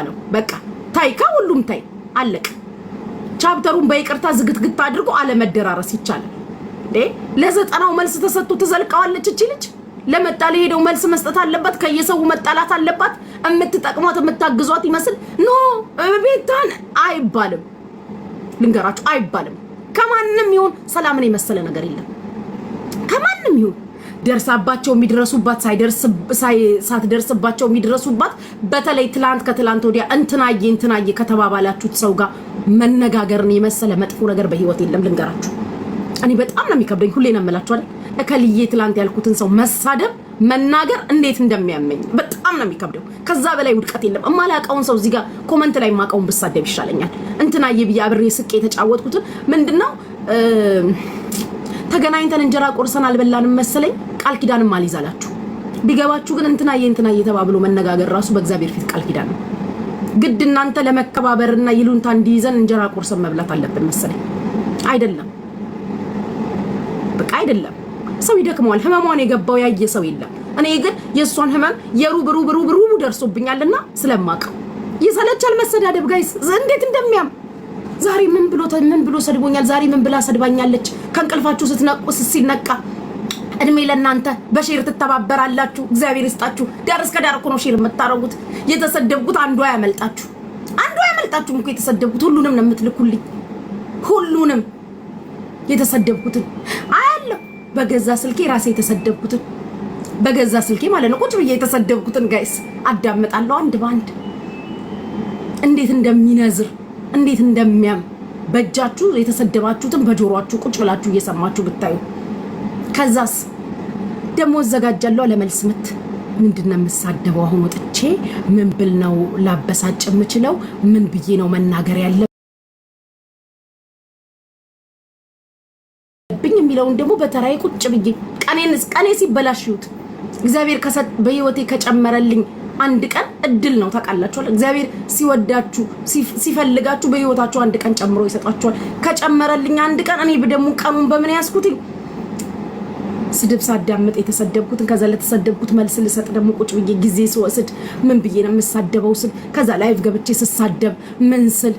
የሚባለው። በቃ ታይ፣ ከሁሉም ታይ፣ አለቅ። ቻፕተሩን በይቅርታ ዝግትግት አድርጎ አለመደራረስ ይቻላል። ለዘጠናው መልስ ተሰጥቶ ትዘልቀዋለች እቺ ልጅ። ለመጣ ለሄደው መልስ መስጠት አለባት። ከየሰው መጣላት አለባት። የምትጠቅሟት የምታግዟት ይመስል ኖ ቤታን አይባልም። ልንገራችሁ አይባልም። ከማንም ይሁን ሰላምን የመሰለ ነገር የለም። ከማንም ይሁን ደርሳባቸው የሚደረሱባት ሳትደርስባቸው የሚደረሱባት በተለይ ትላንት ከትላንት ወዲያ እንትናዬ እንትናዬ ከተባባላችሁት ሰው ጋር መነጋገርን የመሰለ መጥፎ ነገር በህይወት የለም። ልንገራችሁ፣ እኔ በጣም ነው የሚከብደኝ። ሁሌ ነው የምላችሁ አይደል እከልዬ ትላንት ያልኩትን ሰው መሳደብ መናገር እንዴት እንደሚያመኝ በጣም ነው የሚከብደው። ከዛ በላይ ውድቀት የለም። እማላውቀውን ሰው እዚህ ጋር ኮመንት ላይ ማውቀውን ብሳደብ ይሻለኛል። እንትናዬ ብዬ አብሬ ስቄ የተጫወትኩትን ምንድነው ተገናኝተን እንጀራ ቆርሰን አልበላንም መሰለኝ ቃል ኪዳንም አልይዛላችሁ ቢገባችሁ ግን እንትና የእንትና እየተባብሎ መነጋገር ራሱ በእግዚአብሔር ፊት ቃል ኪዳን ነው። ግድ እናንተ ለመከባበርና ይሉንታ እንዲይዘን እንጀራ ቆርሰን መብላት አለብን መሰለኝ። አይደለም በቃ አይደለም። ሰው ይደክመዋል። ህመሟን የገባው ያየ ሰው የለም። እኔ ግን የእሷን ህመም የሩብ ሩብ ሩብ ሩቡ ደርሶብኛልና ስለማቀው ይሰለቻል መሰዳደብ። ጋይስ እንዴት እንደሚያም ዛሬ ምን ብሎ ምን ብሎ ሰድቦኛል፣ ዛሬ ምን ብላ ሰድባኛለች። ከእንቅልፋችሁ ስትነቁ ሲነቃ እድሜ ለእናንተ በሼር ትተባበራላችሁ። እግዚአብሔር ይስጣችሁ። ዳር እስከ ዳር እኮ ነው ሼር የምታረጉት። የተሰደብኩት አንዷ ያመልጣችሁ፣ አንዷ ያመልጣችሁ እኮ የተሰደብኩት። ሁሉንም ነው የምትልኩልኝ፣ ሁሉንም የተሰደብኩትን አያለሁ በገዛ ስልኬ ራሴ የተሰደብኩትን በገዛ ስልኬ ማለት ነው። ቁጭ ብዬ የተሰደብኩትን ጋይስ አዳምጣለሁ አንድ በአንድ እንዴት እንደሚነዝር እንዴት እንደሚያም በእጃችሁ የተሰደባችሁትን በጆሯችሁ ቁጭ ብላችሁ እየሰማችሁ ብታዩ ከዛስ ደግሞ እዘጋጃለሁ ለመልስ ምት። ምንድን ነው የምሳደበው? አሁን ወጥቼ ምን ብል ነው ላበሳጭ የምችለው? ምን ብዬ ነው መናገር ያለብኝ የሚለውን ደግሞ በተራዬ ቁጭ ብዬ ቀኔ ሲበላሽዩት እግዚአብሔር በህይወቴ ከጨመረልኝ አንድ ቀን እድል ነው ታውቃላችኋል። እግዚአብሔር ሲወዳችሁ ሲፈልጋችሁ በህይወታችሁ አንድ ቀን ጨምሮ ይሰጣችኋል። ከጨመረልኝ አንድ ቀን እኔ ደግሞ ቀኑን በምን ያስኩትኝ ስድብ ሳዳምጥ የተሰደብኩትን ከዛ ለተሰደብኩት መልስ ልሰጥ ደግሞ ቁጭ ብዬ ጊዜ ስወስድ ምን ብዬ ነው የምሳደበው ስል ከዛ ላይቭ ገብቼ ስሳደብ ምን ስል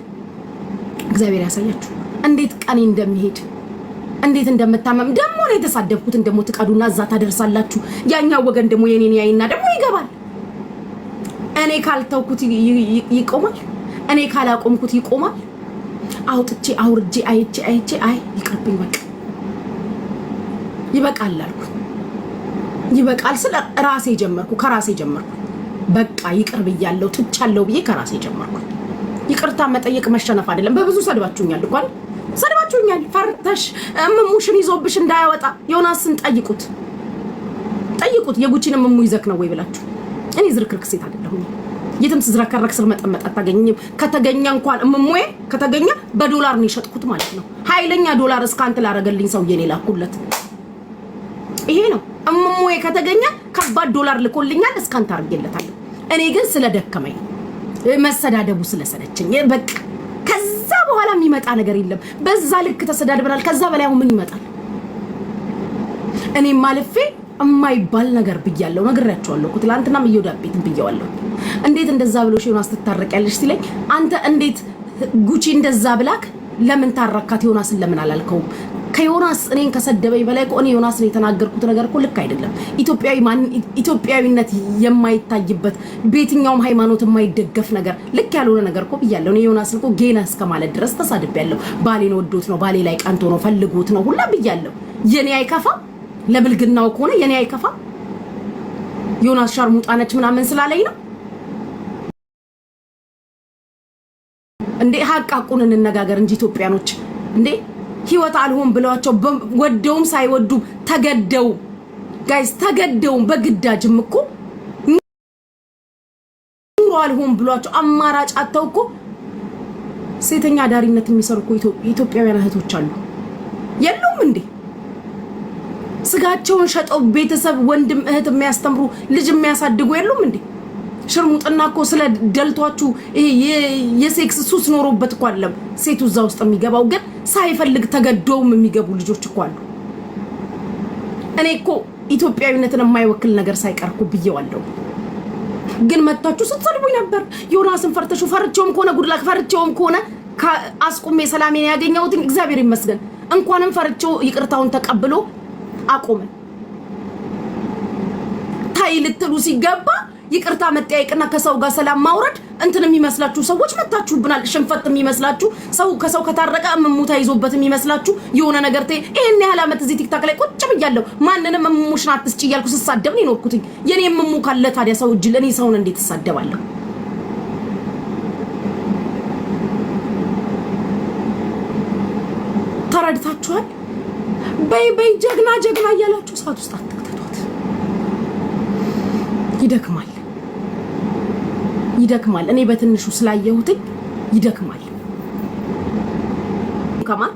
እግዚአብሔር ያሳያችሁ እንዴት ቀኔ እንደሚሄድ እንዴት እንደምታመም ደግሞ ነው የተሳደብኩትን ደግሞ ትቀዱና እዛ ታደርሳላችሁ። ያኛው ወገን ደግሞ የኔን ያይና ደግሞ ይገባል። እኔ ካልተውኩት ይቆማል። እኔ ካላቆምኩት ይቆማል። አውጥቼ አውርጄ አይቼ አይቼ አይ ይቅርብኝ በቃ ይበቃል አልኩ። ይበቃል ስለ ራሴ ጀመርኩ፣ ከራሴ ጀመርኩ። በቃ ይቅር ብያለሁ፣ ትቻለሁ ብዬ ከራሴ ጀመርኩ። ይቅርታ መጠየቅ መሸነፍ አይደለም። በብዙ ሰድባችሁኛል እኮ ሰድባችሁኛል። ፈርተሽ እምሙሽን ይዞብሽ እንዳያወጣ ዮናስን ጠይቁት፣ ጠይቁት የጉቺን እምሙ ይዘክ ነው ወይ ብላችሁ። እኔ ዝርክርክ ሴት አይደለሁም። የትም ስዝረከረክ ስር መጠመጥ አታገኝም። ከተገኘ እንኳን እምሙዬ ከተገኘ በዶላር ነው የሸጥኩት ማለት ነው። ኃይለኛ ዶላር እስካንት ላረገልኝ ሰውዬ ሌላ ኩለት ይሄ ነው። እምሞዬ ከተገኘ ከባድ ዶላር ልኮልኛል፣ እስካን አድርጌለታለሁ። እኔ ግን ስለደከመኝ መሰዳደቡ ስለሰለቸኝ በቃ ከዛ በኋላ የሚመጣ ነገር የለም። በዛ ልክ ተሰዳድበናል። ከዛ በላይ አሁን ምን ይመጣል? እኔም አልፌ እማይባል ነገር ብያለሁ፣ ነግሬያቸዋለሁ እኮ ትላንትናም ቤት ብየዋለሁ። እንዴት እንደዛ ብሎ ዮናስ ትታረቂያለሽ ሲለኝ አንተ እንዴት ጉቺ እንደዛ ብላክ ለምን ታረካት ይሆናስን ለምን አላልከውም? ከዮናስ እኔን ከሰደበኝ በላይ ዮናስ ዮናስን የተናገርኩት ነገር እኮ ልክ አይደለም። ኢትዮጵያዊ ኢትዮጵያዊነት የማይታይበት በየትኛውም ሃይማኖት የማይደገፍ ነገር ልክ ያልሆነ ነገር እኮ ብያለሁ። እኔ ዮናስን እኮ ጌና እስከማለት ድረስ ተሳድቤያለሁ። ባሌን ወዶት ነው፣ ባሌ ላይ ቀንቶ ነው፣ ፈልጎት ነው ሁላ ብያለሁ። የኔ አይከፋ ለብልግናው ከሆነ የኔ አይከፋ ዮናስ ሻርሙጣ ነች ምናምን ስላለኝ ነው እንዴ? ሀቅ አቁን እንነጋገር እንጂ ኢትዮጵያኖች እንዴ ህይወት አልሆን ብለዋቸው ወደውም ሳይወዱ ተገደው ጋይስ ተገደውም በግዳጅም እኮ ኑሮ አልሆን ብሏቸው አማራጭ አጥተው እኮ ሴተኛ አዳሪነት የሚሰሩ እኮ ኢትዮጵያውያን እህቶች አሉ። የሉም እንዴ? ስጋቸውን ሸጠው ቤተሰብ ወንድም እህት የሚያስተምሩ ልጅ የሚያሳድጉ የሉም እንዴ? ሽርሙጥና እኮ ስለ ደልቷችሁ የሴክስ ሱስ ኖሮበት እኮ አለም ሴቱ እዛ ውስጥ የሚገባው ግን ሳይፈልግ ተገደውም የሚገቡ ልጆች እኮ አሉ። እኔ እኮ ኢትዮጵያዊነትን የማይወክል ነገር ሳይቀርኩ ብዬዋለሁ። ግን መታችሁ ስትሰድቡኝ ነበር። ዮናስን ፈርተሹ ፈርቼውም ከሆነ ጉድላክ ፈርቼውም ከሆነ አስቁሜ ሰላሜን ያገኘሁትን እግዚአብሔር ይመስገን። እንኳንም ፈርቼው ይቅርታውን ተቀብሎ አቆመን ታይ ልትሉ ሲገባ ይቅርታ መጠያየቅና ከሰው ጋር ሰላም ማውረድ እንትን የሚመስላችሁ ሰዎች መታችሁብናል። ሽንፈት የሚመስላችሁ ሰው ከሰው ከታረቀ እምሙታ ይዞበት የሚመስላችሁ የሆነ ነገር ተይ። ይሄን ያህል ዓመት እዚህ ቲክታክ ላይ ቁጭ ብያለሁ። ማንንም እምሙሽን አትስጭ እያልኩ ስሳደብ ነው የኔ እምሙ ካለ ታዲያ ሰው እጅ እኔ ሰውን እንዴት እሳደባለሁ? ተረድታችኋል? በይ በይ ጀግና ጀግና እያላችሁ ሰዓት ውስጥ አትክተቷት፣ ይደክማል። ይደክማል። እኔ በትንሹ ስላየሁትኝ ይደክማል። ከማን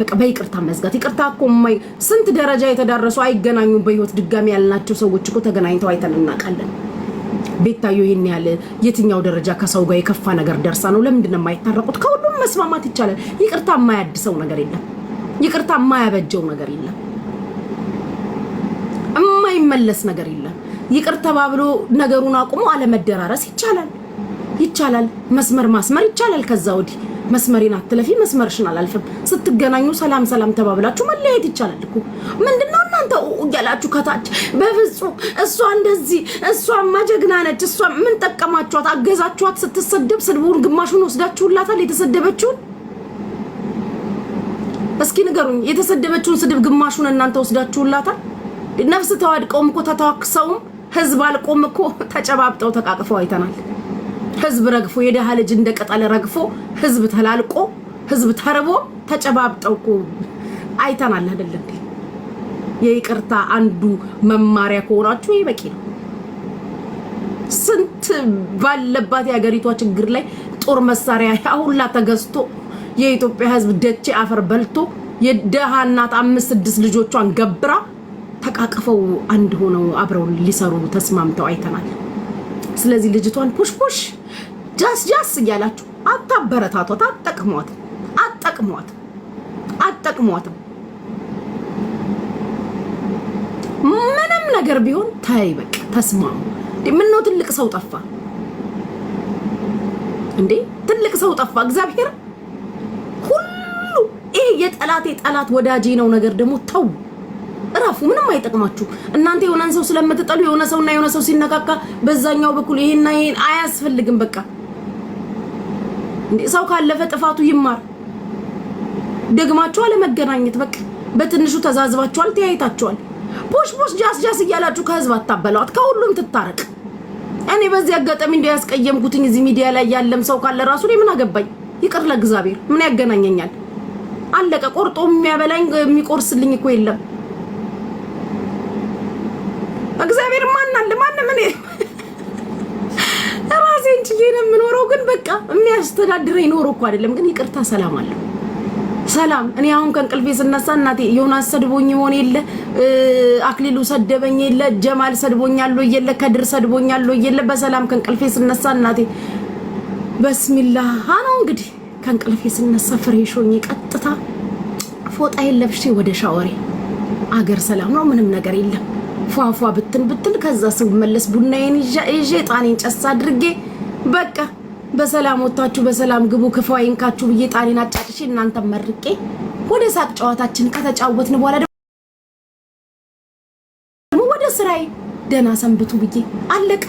በቃ በይቅርታ መዝጋት። ይቅርታ እኮ ማይ ስንት ደረጃ የተዳረሱ አይገናኙም በህይወት ድጋሚ ያልናቸው ሰዎች እኮ ተገናኝተው አይተን እናውቃለን። ቤታዮ ይህን የትኛው ደረጃ ከሰው ጋር የከፋ ነገር ደርሳ ነው? ለምንድን ነው የማይታረቁት? ከሁሉም መስማማት ይቻላል። ይቅርታ የማያድሰው ነገር የለም። ይቅርታ የማያበጀው ነገር የለም። የማይመለስ ነገር የለም። ይቅር ተባብሎ ነገሩን አቁሞ አለመደራረስ ይቻላል። ይቻላል። መስመር ማስመር ይቻላል። ከዛ ወዲህ መስመሬን አትለፊ፣ መስመርሽን አላልፍም። ስትገናኙ ሰላም ሰላም ተባብላችሁ መለያየት ይቻላል እኮ። ምንድነው እናንተ እያላችሁ ከታች በፍጹም እሷ እንደዚህ እሷ ማጀግና ነች፣ እሷ ምን ጠቀማችኋት? አገዛችኋት። ስትሰደብ ስድቡን ግማሹን ወስዳችሁላታል፣ የተሰደበችውን እስኪ ንገሩኝ። የተሰደበችውን ስድብ ግማሹን እናንተ ወስዳችሁላታል። ነፍስ ተዋድቀውም እኮ ተተዋክሰውም ህዝብ አልቆም እኮ ተጨባብጠው ተቃቅፈው አይተናል። ህዝብ ረግፎ የደሃ ልጅ እንደ ቅጠል ረግፎ ህዝብ ተላልቆ ህዝብ ተርቦ ተጨባብጠው እኮ አይተናል አይደል እንዴ? የይቅርታ አንዱ መማሪያ ከሆናችሁ ይህ በቂ ነው። ስንት ባለባት የሀገሪቷ ችግር ላይ ጦር መሳሪያ ያሁላ ተገዝቶ የኢትዮጵያ ህዝብ ደቼ አፈር በልቶ የደሃ እናት አምስት ስድስት ልጆቿን ገብራ ተቃቅፈው አንድ ሆነው አብረው ሊሰሩ ተስማምተው አይተናል። ስለዚህ ልጅቷን ፑሽ ፑሽ ጃስ ጃስ እያላችሁ አታበረታቷት። አጠቅሟት አጠቅሟት አጠቅሟትም ምንም ነገር ቢሆን ታይ በቃ ተስማሙ። ምነው ትልቅ ሰው ጠፋ እንዴ? ትልቅ ሰው ጠፋ። እግዚአብሔር ሁሉ ይሄ የጠላቴ ጠላት ወዳጄ ነው ነገር ደግሞ ተው፣ እረፉ። ምንም አይጠቅማችሁ እናንተ የሆነን ሰው ስለምትጠሉ የሆነ ሰውና የሆነ ሰው ሲነካካ በዛኛው በኩል ይሄና ይሄን አያስፈልግም በቃ ሰው ካለፈ ጥፋቱ ይማር። ደግማችሁ አለመገናኘት በቃ በትንሹ ተዛዝባችኋል፣ ተያይታችኋል። ፖሽ ፖሽ ጃስ ጃስ እያላችሁ ከህዝብ አታበሏት፣ ከሁሉም ትታረቅ። እኔ በዚህ አጋጣሚ እንደ ያስቀየምኩትኝ እዚህ ሚዲያ ላይ ያለም ሰው ካለ ራሱ እኔ ምን አገባኝ? ይቅር ለእግዚአብሔር ምን ያገናኘኛል? አለቀ። ቆርጦ የሚያበላኝ የሚቆርስልኝ እኮ የለም። የሚያስተዳድረኝ ኖሮ እኮ አይደለም፣ ግን ይቅርታ ሰላም አለው። ሰላም እኔ አሁን ከእንቅልፌ ስነሳ እናቴ ዮናስ ሰድቦኝ ይሆን የለ አክሊሉ ሰደበኝ የለ ጀማል ሰድቦኛል የለ ከድር ሰድቦኛል የለ በሰላም ከእንቅልፌ ስነሳ እናቴ በስሚላ አነው እንግዲህ ከእንቅልፌ ስነሳ ፍሬሾኝ ቀጥታ ፎጣ ለብሼ ወደ ሻወሬ። አገር ሰላም ነው፣ ምንም ነገር የለም። ፏፏ ብትን ብትን ከዛ ስመለስ ቡናዬን ይዤ ጣኔን ጨስ አድርጌ በቃ በሰላም ወጥታችሁ በሰላም ግቡ፣ ክፉ አይንካችሁ ብዬ ጣኔን አጫጭሼ መርቄ ወደ ሳቅ ጨዋታችን ከተጫወትን በኋላ ደግሞ ወደ ስራዬ ደህና ሰንብቱ ብዬ አለቀ።